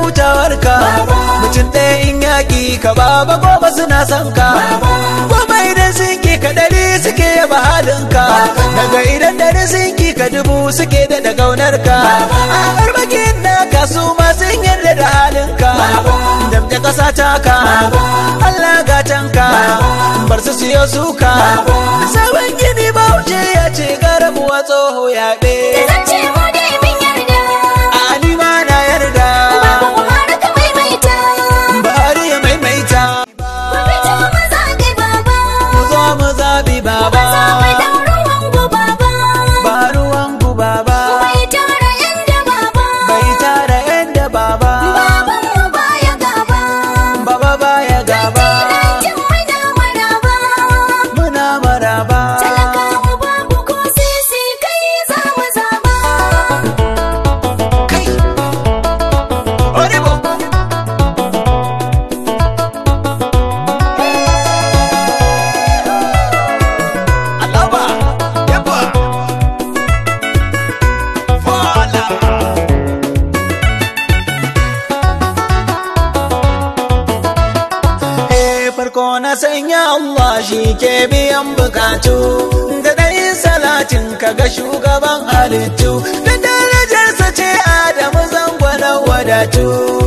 hutawar mutum ɗaya in yaƙi ka baba gobe suna son ka gobe idan sun ki ka ɗari suke yaba halin ka daga idan ɗari sun ki ka dubu suke da da gaunar ka a arbakin na ka su ma sun yarda da halin ka damje ƙasa ta ka Allah gatan ka bar su siyo suka sabon gini bauchi ya ce garabuwa tsoho yaɓe ಸದಾ ko na sanya Allah shi ke biyan bukatu da dai salatin ka ga shugaban halittu da darajarsa ce Adamu zangwana wadatu.